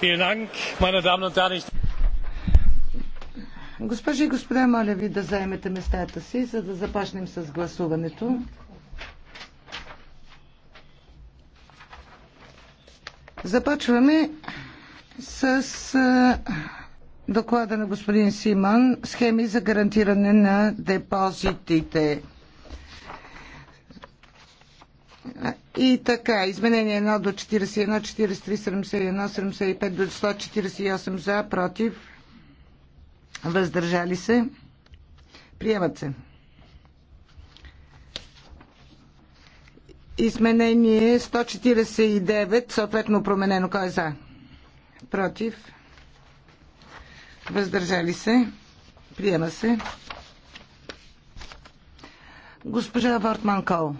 Vielen Dank, meine Damen und Herren. Госпожи и господа, моля ви да заемете местата си, за да започнем с гласуването. Започваме с доклада на господин Симон схеми за гарантиране на депозитите. И така, изменение 1 до 41, 43, 71, 75 до 148 за, против, въздържали се, приемат се. Изменение 149, съответно променено. Кой е за? Против. Въздържали се. Приема се. Госпожа Вортман Кол.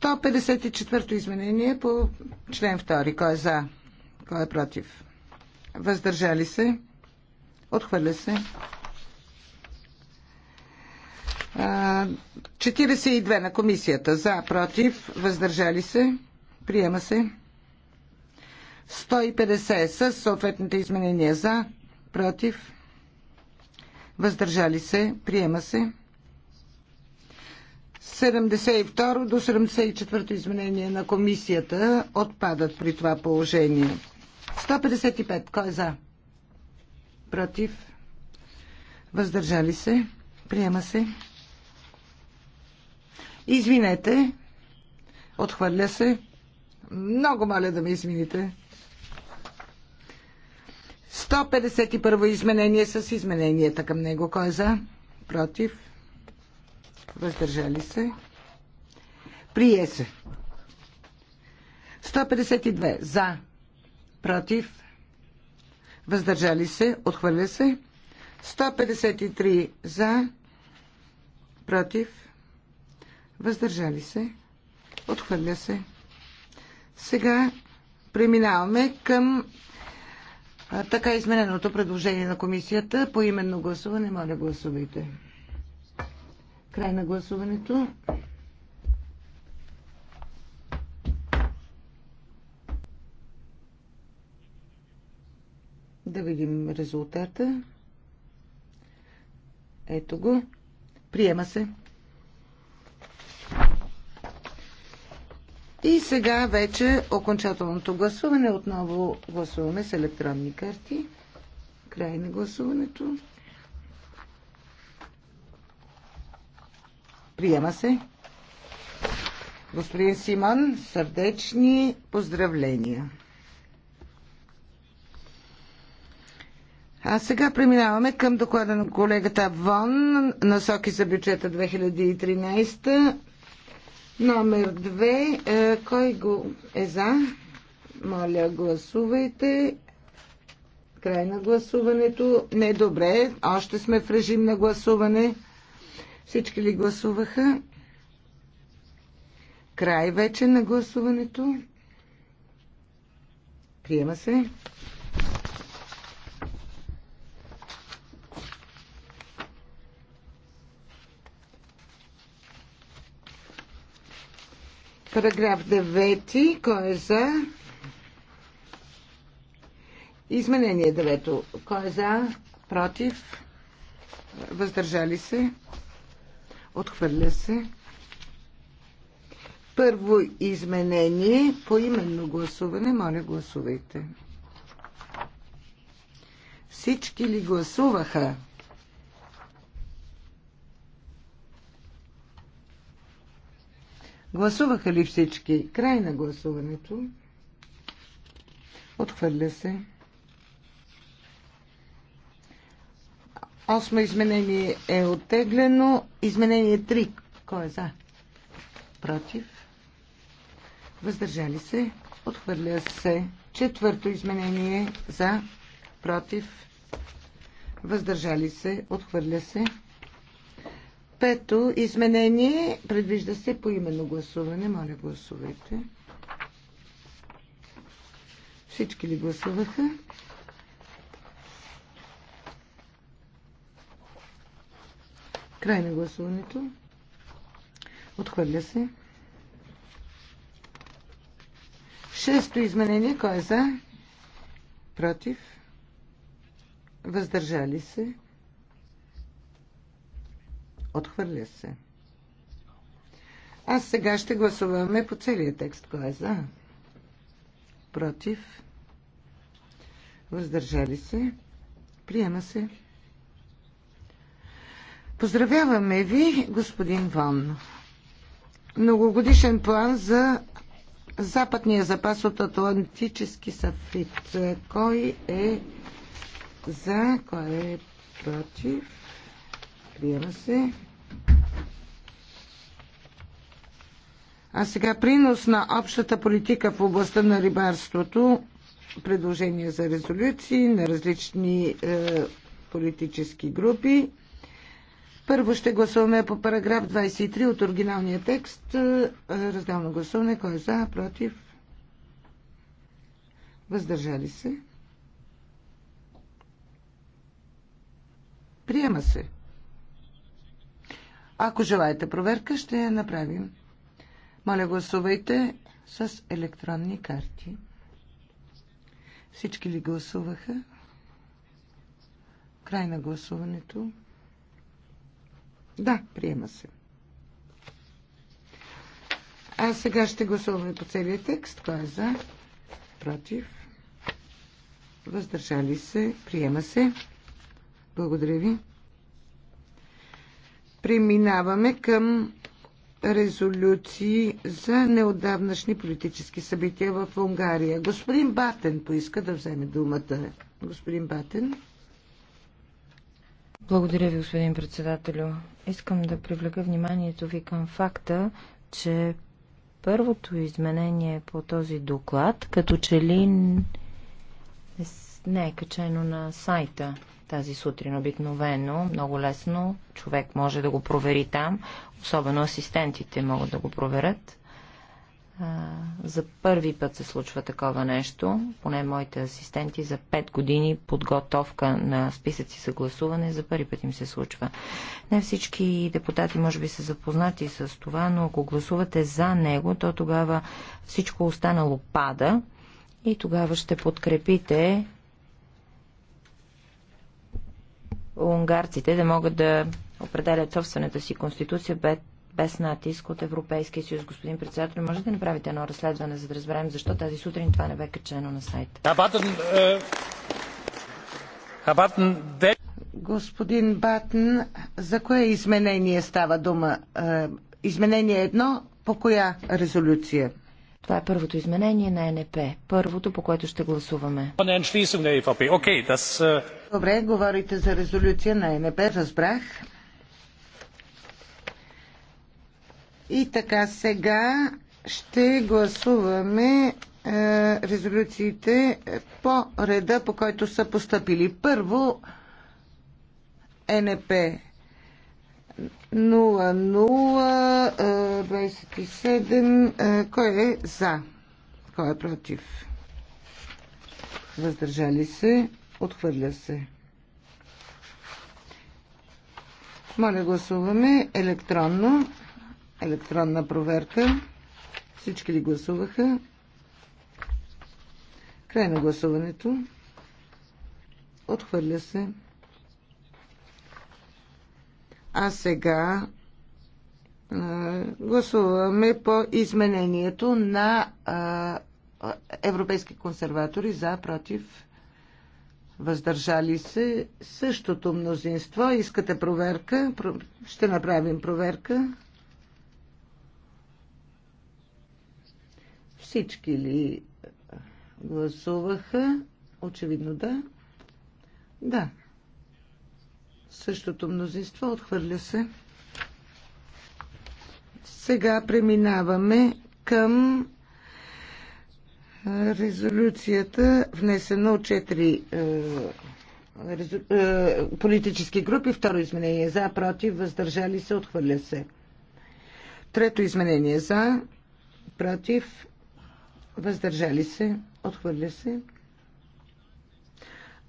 154-то изменение по член 2. Кой е за? Кой е против? Въздържали се? Отхвърля се. 42 на комисията. За, против, въздържали се. Приема се. 150 с съответните изменения. За, против, въздържали се. Приема се. 72 до 74 изменение на комисията отпадат при това положение. 155. Кой е за? Против? Въздържали се? Приема се? Извинете. Отхвърля се. Много моля да ме извините. 151 изменение с измененията към него. Кой е за? Против? въздържали се, прие се. 152 за, против, въздържали се, отхвърля се. 153 за, против, въздържали се, отхвърля се. Сега преминаваме към така измененото предложение на комисията по именно гласуване. Моля, гласувайте. Край на гласуването. Да видим резултата. Ето го. Приема се. И сега вече окончателното гласуване. Отново гласуваме с електронни карти. Край на гласуването. Приема се. Господин Симон, сърдечни поздравления. А сега преминаваме към доклада на колегата Вон, насоки за бюджета 2013, номер 2. Е, кой го е за? Моля, гласувайте. Край на гласуването. Не, добре, още сме в режим на гласуване. Всички ли гласуваха? Край вече на гласуването. Приема се. Параграф 9. Кой е за? Изменение 9. Кой е за? Против? Въздържали се? Отхвърля се. Първо изменение по именно гласуване. Моля, гласувайте. Всички ли гласуваха? Гласуваха ли всички? Край на гласуването. Отхвърля се. Осмо изменение е оттеглено. Изменение 3. Кой е за? Против. Въздържали се. Отхвърля се. Четвърто изменение за. Против. Въздържали се. Отхвърля се. Пето изменение предвижда се по именно гласуване. Моля, гласувайте. Всички ли гласуваха? Край на гласуването. Отхвърля се. Шесто изменение. Кой е за? Против? Въздържали се? Отхвърля се. Аз сега ще гласуваме по целия текст. Кой е за? Против? Въздържали се? Приема се. Поздравяваме ви, господин Вон. Многогодишен план за западния запас от Атлантически сафит. Кой е за, кой е против? Приема се. А сега принос на общата политика в областта на рибарството, предложения за резолюции на различни е, политически групи. Първо ще гласуваме по параграф 23 от оригиналния текст. Е, разделно гласуване. Кой е за, против? Въздържали се? Приема се. Ако желаете проверка, ще я направим. Моля, гласувайте с електронни карти. Всички ли гласуваха? Край на гласуването. Да, приема се. А сега ще гласуваме по целия текст. Кой е за? Против? Въздържали се? Приема се. Благодаря ви. Преминаваме към резолюции за неодавнашни политически събития в Унгария. Господин Батен поиска да вземе думата. Господин Батен. Благодаря ви, господин председателю. Искам да привлека вниманието ви към факта, че първото изменение по този доклад, като че ли не е качено на сайта тази сутрин обикновено, много лесно, човек може да го провери там, особено асистентите могат да го проверят за първи път се случва такова нещо, поне моите асистенти за 5 години подготовка на списъци за гласуване, за първи път им се случва. Не всички депутати може би са запознати с това, но ако гласувате за него, то тогава всичко останало пада и тогава ще подкрепите унгарците да могат да определят собствената си конституция без без натиск от Европейския съюз. Господин председател, може да направите едно разследване, за да разберем защо тази сутрин това не бе качено на сайта. Е, Господин Батен, за кое изменение става дума? Е, изменение едно, по коя резолюция? Това е първото изменение на НП. Първото, по което ще гласуваме. Е- Добре, говорите за резолюция на НП, разбрах. И така, сега ще гласуваме е, резолюциите по реда, по който са поступили. Първо, НП 0027. Е, е, кой е за? Кой е против? Въздържали се? Отхвърля се. Моля, гласуваме електронно електронна проверка. Всички ли гласуваха? Край на гласуването. Отхвърля се. А сега а, гласуваме по изменението на а, европейски консерватори за, против, въздържали се. Същото мнозинство. Искате проверка? Ще направим проверка. Всички ли гласуваха? Очевидно да. Да. Същото мнозинство отхвърля се. Сега преминаваме към резолюцията, внесена от четири е, резу, е, политически групи. Второ изменение за, против, въздържали се, отхвърля се. Трето изменение за, против, въздържали се, отхвърля се.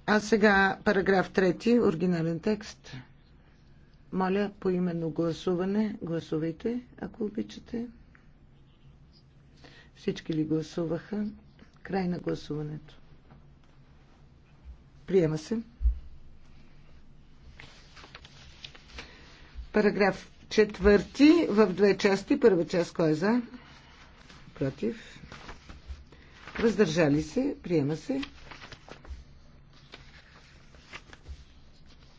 А сега параграф 3, оригинален текст. Моля, по именно гласуване, гласувайте, ако обичате. Всички ли гласуваха? Край на гласуването. Приема се. Параграф 4. в две части. Първа част кой е за? Против. Въздържали се. Приема се.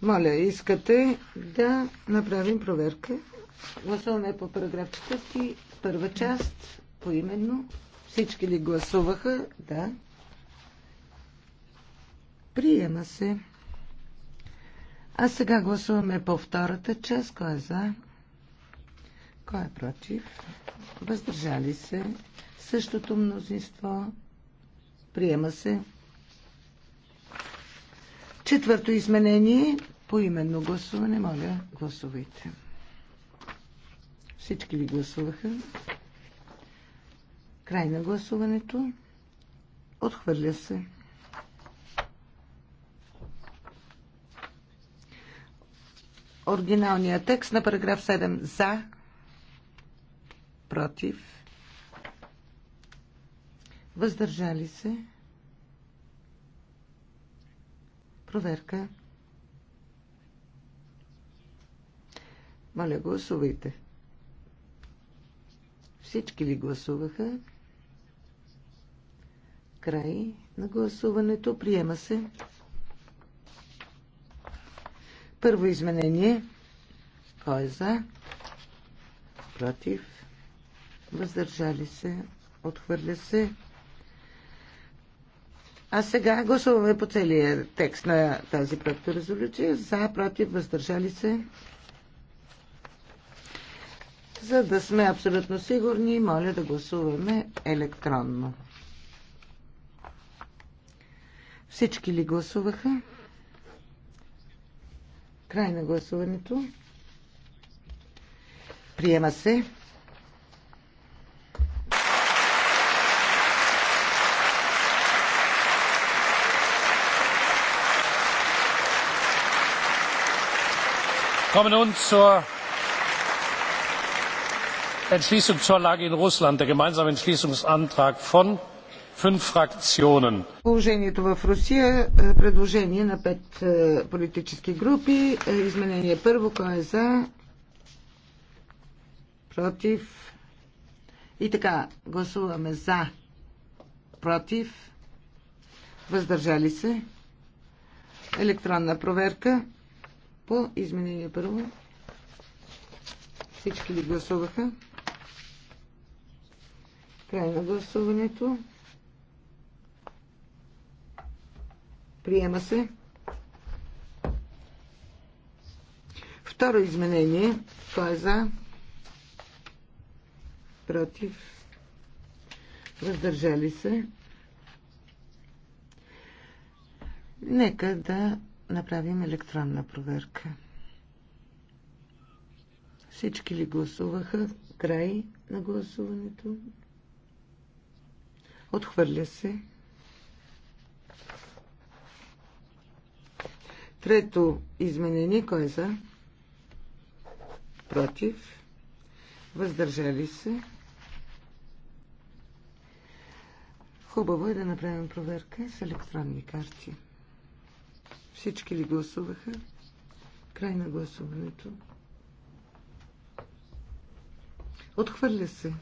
Моля, искате да направим проверка. Гласуваме по параграф 4, първа част, поименно. Всички ли гласуваха? Да. Приема се. А сега гласуваме по втората част. Кой е за? Кой е против? Въздържали се. Същото мнозинство. Приема се. Четвърто изменение по именно гласуване. Моля, гласувайте. Всички ли гласуваха? Край на гласуването. Отхвърля се. Оригиналният текст на параграф 7 за, против, Въздържали се. Проверка. Моля, гласувайте. Всички ли гласуваха? Край на гласуването. Приема се. Първо изменение. Кой е за? Против. Въздържали се. Отхвърля се. А сега гласуваме по целия текст на тази резолюция. За, против, въздържали се. За да сме абсолютно сигурни, моля да гласуваме електронно. Всички ли гласуваха? Край на гласуването. Приема се. kommen nun zur entschließung zur lage in russland der gemeinsame entschließungsantrag von fünf Fraktionen. Положението в Русия, е, предложение на пет е, политически групи, е, изменение първо, кой е за, против и така, гласуваме за, против, въздържали се, електронна проверка по изменение първо. Всички ли гласуваха? Край на гласуването. Приема се. Второ изменение. Кой е за? Против. Въздържали се. Нека да направим електронна проверка. Всички ли гласуваха? Край на гласуването. Отхвърля се. Трето изменение. Кой е за? Против. Въздържали се. Хубаво е да направим проверка с електронни карти. Всички ли гласуваха? Край на гласуването. Отхвърля се.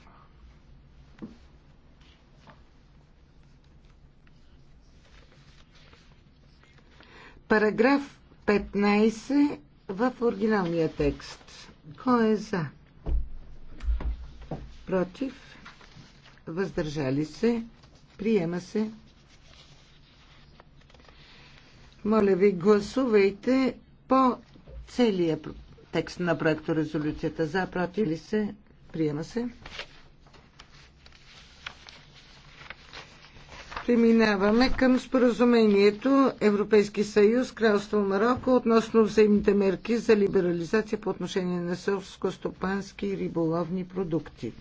Параграф 15 в оригиналния текст. Кой е за? Против? Въздържали се? Приема се? Моля ви, гласувайте по целия текст на проекта резолюцията. За, против ли се? Приема се. Преминаваме към споразумението Европейски съюз, Кралство Марокко относно взаимните мерки за либерализация по отношение на селско-стопански и риболовни продукти.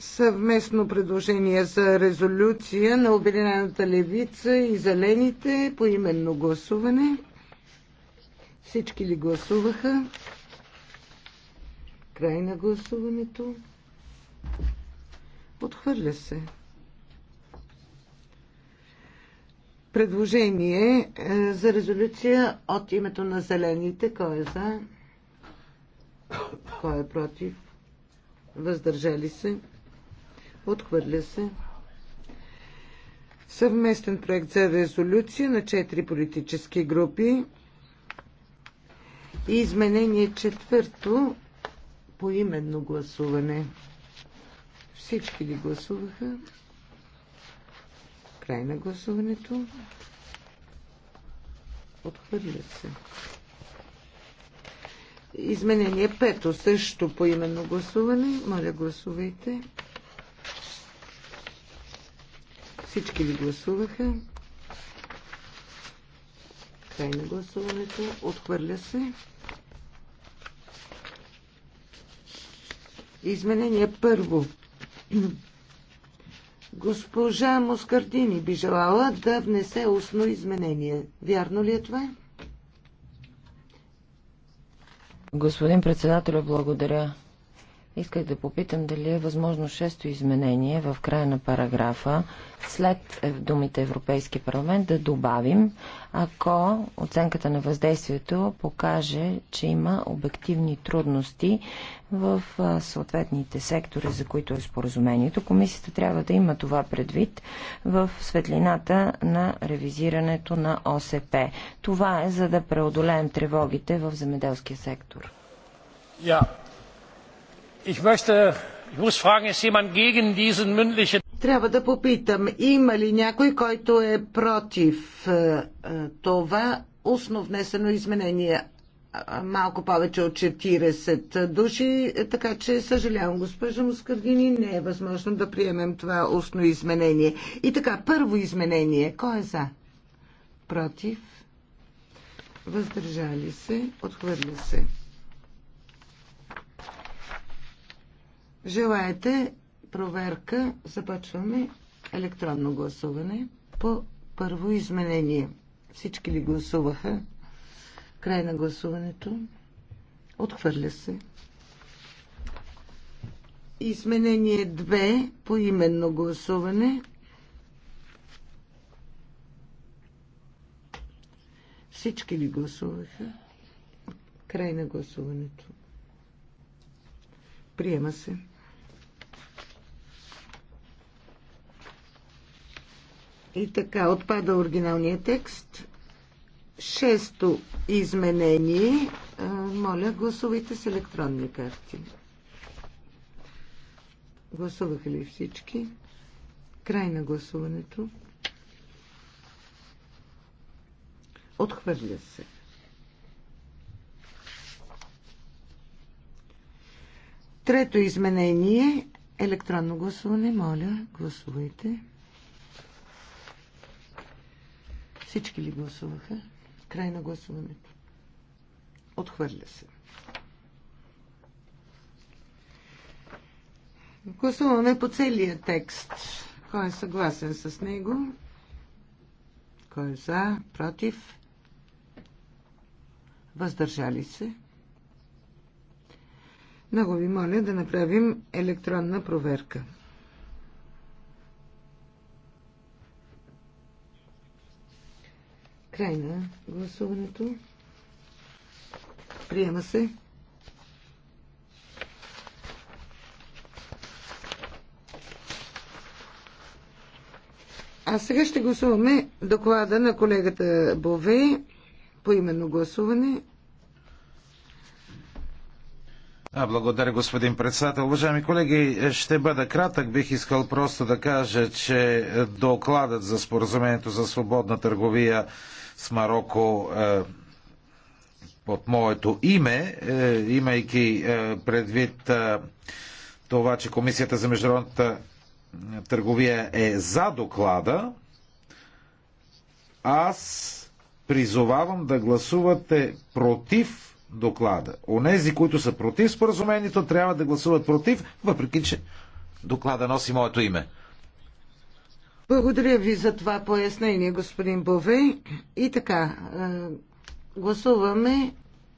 съвместно предложение за резолюция на Обединената левица и Зелените по именно гласуване. Всички ли гласуваха? Край на гласуването. Отхвърля се. Предложение е, за резолюция от името на Зелените. Кой е за? Кой е против? Въздържали се? Отхвърля се. Съвместен проект за резолюция на четири политически групи. И изменение четвърто по именно гласуване. Всички ли гласуваха? Край на гласуването. Отхвърля се. Изменение пето също по именно гласуване. Моля, гласувайте. Всички ли гласуваха? Край на гласуването. Отхвърля се. Изменение първо. Госпожа Москардини би желала да внесе устно изменение. Вярно ли е това? Господин председател, благодаря. Исках да попитам дали е възможно шесто изменение в края на параграфа след е, думите Европейски парламент да добавим, ако оценката на въздействието покаже, че има обективни трудности в съответните сектори, за които е споразумението. Комисията трябва да има това предвид в светлината на ревизирането на ОСП. Това е за да преодолеем тревогите в земеделския сектор. Yeah. Трябва да попитам, има ли някой, който е против е, е, това устно внесено изменение? Малко повече от 40 души, е, така че съжалявам, госпожа Москаргини, не е възможно да приемем това устно изменение. И така, първо изменение. Кой е за? Против? Въздържали се? Отхвърля се. Желаете проверка? Започваме електронно гласуване по първо изменение. Всички ли гласуваха? Край на гласуването. Отхвърля се. Изменение 2 по именно гласуване. Всички ли гласуваха? Край на гласуването. Приема се. И така, отпада оригиналния текст. Шесто изменение. Моля, гласувайте с електронни карти. Гласуваха ли всички? Край на гласуването. Отхвърля се. Трето изменение. Електронно гласуване. Моля, гласувайте. Всички ли гласуваха? Край на гласуването. Отхвърля се. Гласуваме по целия текст. Кой е съгласен с него? Кой е за? Против? Въздържали се? Много ви моля да направим електронна проверка. Край на гласуването. Приема се. А сега ще гласуваме доклада на колегата Бове по именно гласуване. А, благодаря, господин председател. Уважаеми колеги, ще бъда кратък. Бих искал просто да кажа, че докладът за споразумението за свободна търговия с Марокко е, под моето име, е, имайки е, предвид е, това, че Комисията за международната търговия е за доклада, аз призовавам да гласувате против доклада. Онези, които са против споразумението, трябва да гласуват против, въпреки че доклада носи моето име. Благодаря ви за това пояснение, господин Бове. И така, е, гласуваме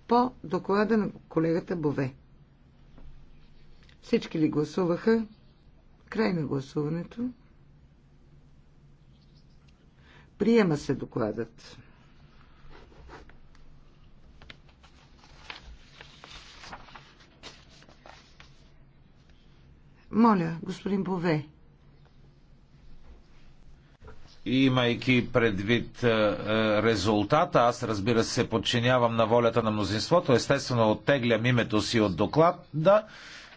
по доклада на колегата Бове. Всички ли гласуваха? Край на гласуването. Приема се докладът. Моля, господин Бове. Имайки предвид е, е, резултата, аз разбира се подчинявам на волята на мнозинството, естествено оттеглям името си от доклада. Да,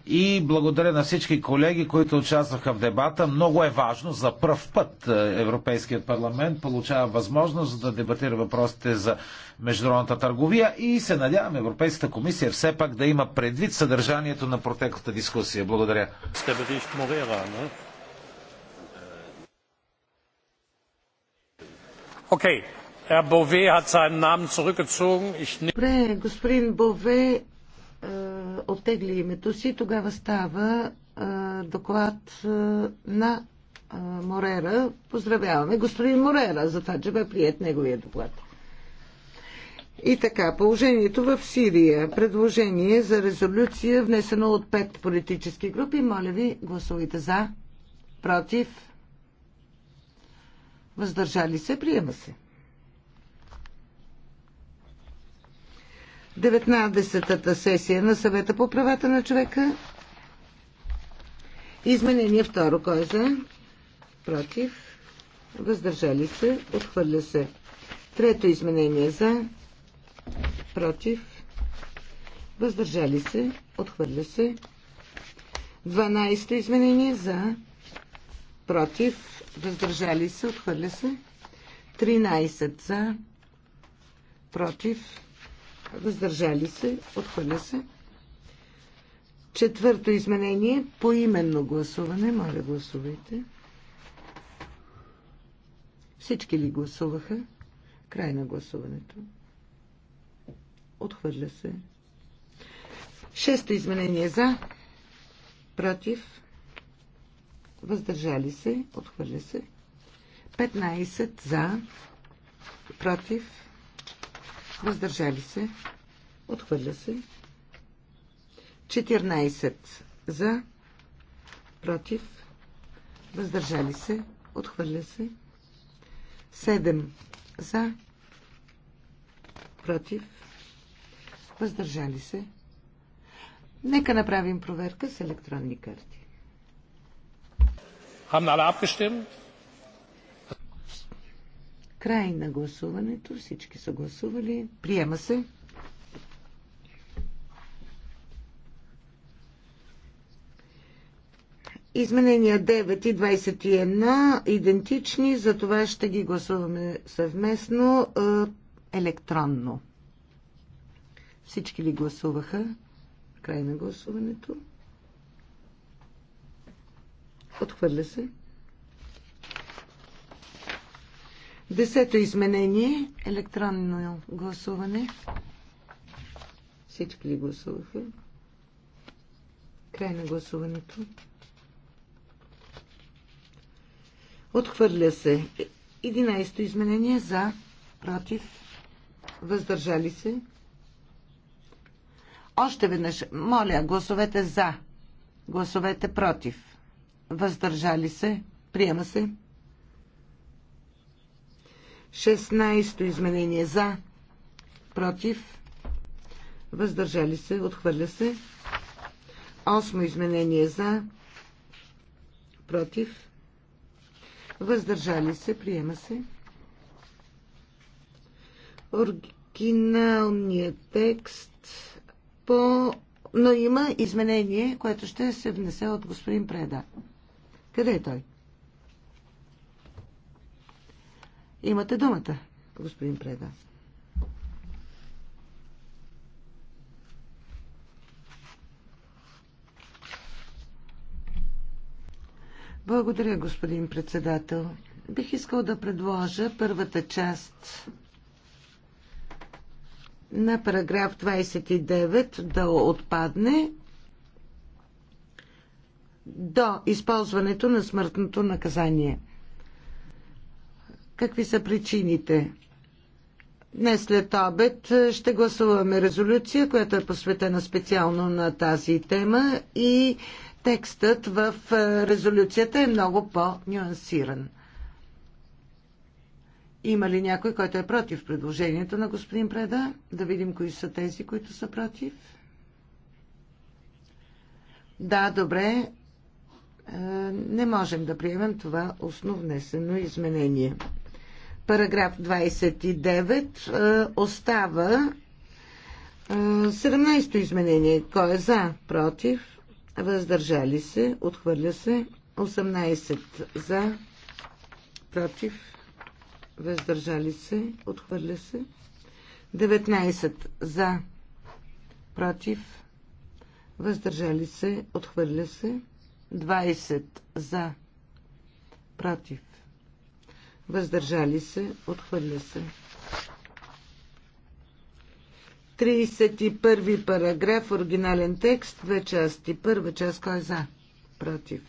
и благодаря на всички колеги, които участваха в дебата. Много е важно, за пръв път е, Европейският парламент получава възможност да дебатира въпросите за международната търговия и се надявам Европейската комисия все пак да има предвид съдържанието на протеклата дискусия. Благодаря. Okay. Herr Bové hat seinen Namen zurückgezogen. Ich... Добре, господин Бове е, оттегли името си, тогава става е, доклад е, на Морера. Поздравяваме господин Морера за това, че бе прият неговия доклад. И така, положението в Сирия. Предложение за резолюция, внесено от пет политически групи. Моля ви, гласувайте за, против, въздържали се, приема се. 19-та сесия на съвета по правата на човека. Изменение второ. Кой е за? Против. Въздържали се. Отхвърля се. Трето изменение за. Против. Въздържали се. Отхвърля се. 12 то изменение за. Против. Въздържали се. Отхвърля се. 13 за. Против въздържали се, отхвърля се. Четвърто изменение по именно гласуване. Моля, гласувайте. Всички ли гласуваха? Край на гласуването. Отхвърля се. Шесто изменение за, против, въздържали се, отхвърля се. 15 за, против, въздържали се, отхвърля се. 14 за, против, въздържали се, отхвърля се. 7 за, против, въздържали се. Нека направим проверка с електронни карти. Haben alle abgestimmt? Край на гласуването. Всички са гласували. Приема се. Изменения 9 и 21 идентични, за това ще ги гласуваме съвместно електронно. Всички ли гласуваха? Край на гласуването. Отхвърля се. Десето изменение. Електронно гласуване. Всички ли гласуваха? Край на гласуването. Отхвърля се. Единайсто изменение за, против, въздържали се. Още веднъж, моля, гласовете за, гласовете против, въздържали се, приема се. 16 изменение за, против, въздържали се, отхвърля се. Осмо изменение за, против, въздържали се, приема се. Оригиналният текст по... Но има изменение, което ще се внесе от господин Преда. Къде е той? Имате думата, господин Преда. Благодаря, господин председател. Бих искал да предложа първата част на параграф 29 да отпадне до използването на смъртното наказание. Какви са причините? Днес след обед е, ще гласуваме резолюция, която е посветена специално на тази тема и текстът в е, резолюцията е много по-нюансиран. Има ли някой, който е против предложението на господин Преда? Да видим кои са тези, които са против. Да, добре. Е, не можем да приемем това основнесено изменение. Параграф 29 остава 17-то изменение. Кой е за? Против? Въздържали се? Отхвърля се? 18 за? Против? Въздържали се? Отхвърля се? 19 за? Против? Въздържали се? Отхвърля се? 20 за? Против? въздържали се, отхвърля се. 31 параграф, оригинален текст, две части. Първа част, кой е за? Против.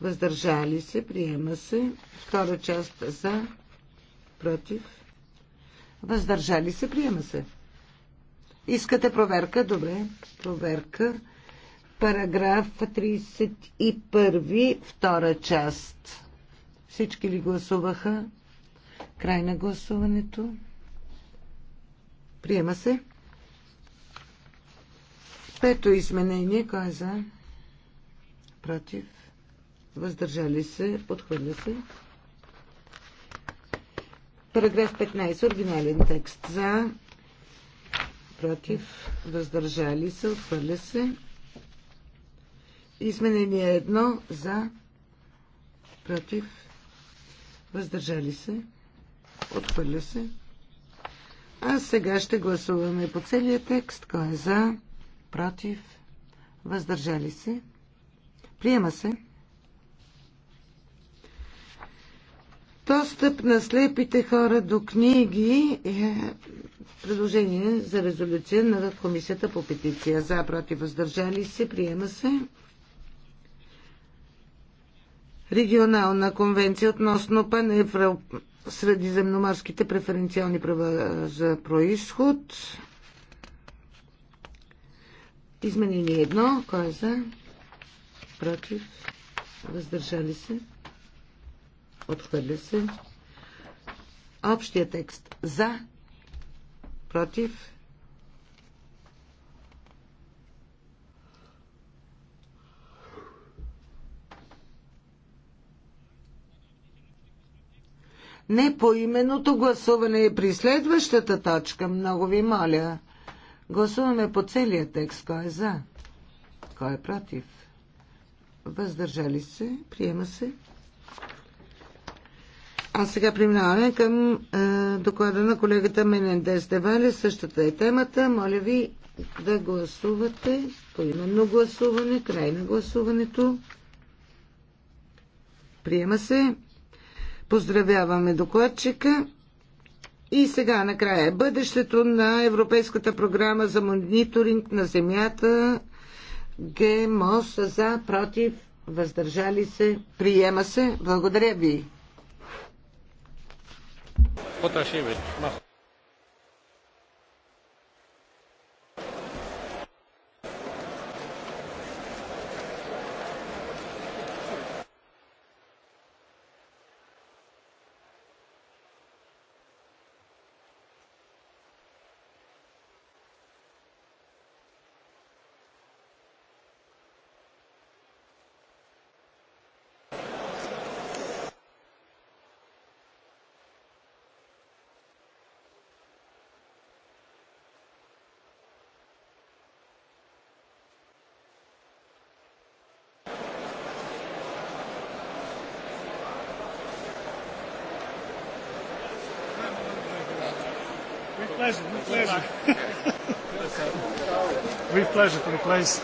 Въздържали се, приема се. Втора част за, против. Въздържали се, приема се. Искате проверка? Добре, проверка. Параграф 31, втора част. Всички ли гласуваха? Край на гласуването. Приема се. Пето изменение. Кой е за? Против. Въздържали се. Подхвърля се. Параграф 15. Оригинален текст. За. Против. Въздържали се. Отхвърля се. Изменение 1. За. Против въздържали се, отхвърля се. А сега ще гласуваме по целия текст. Кой е за, против, въздържали се, приема се. Достъп на слепите хора до книги е предложение за резолюция на Комисията по петиция. За, против, въздържали се, приема се регионална конвенция относно паневро средиземноморските преференциални права за происход. Изменение едно. Кой е за? Против? Въздържали се? Отхвърля се. Общия текст. За? Против? не по именото гласуване е при следващата точка. Много ви моля. Гласуваме по целия текст. Кой е за? Кой е против? Въздържали се? Приема се? А сега преминаваме към е, доклада на колегата Менендес Девале. Същата е темата. Моля ви да гласувате по именно гласуване, край на гласуването. Приема се. Поздравяваме докладчика. И сега накрая. Бъдещето на Европейската програма за мониторинг на земята ГМОС за против въздържали се. Приема се. Благодаря ви. Поташевич. With pleasure, with pleasure. with pleasure, with pleasure.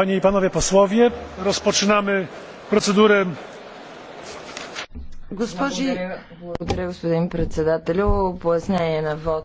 panie i panowie posłowie rozpoczynamy процедурę Госпожи, благодаря господин председателю. Пояснение на вод.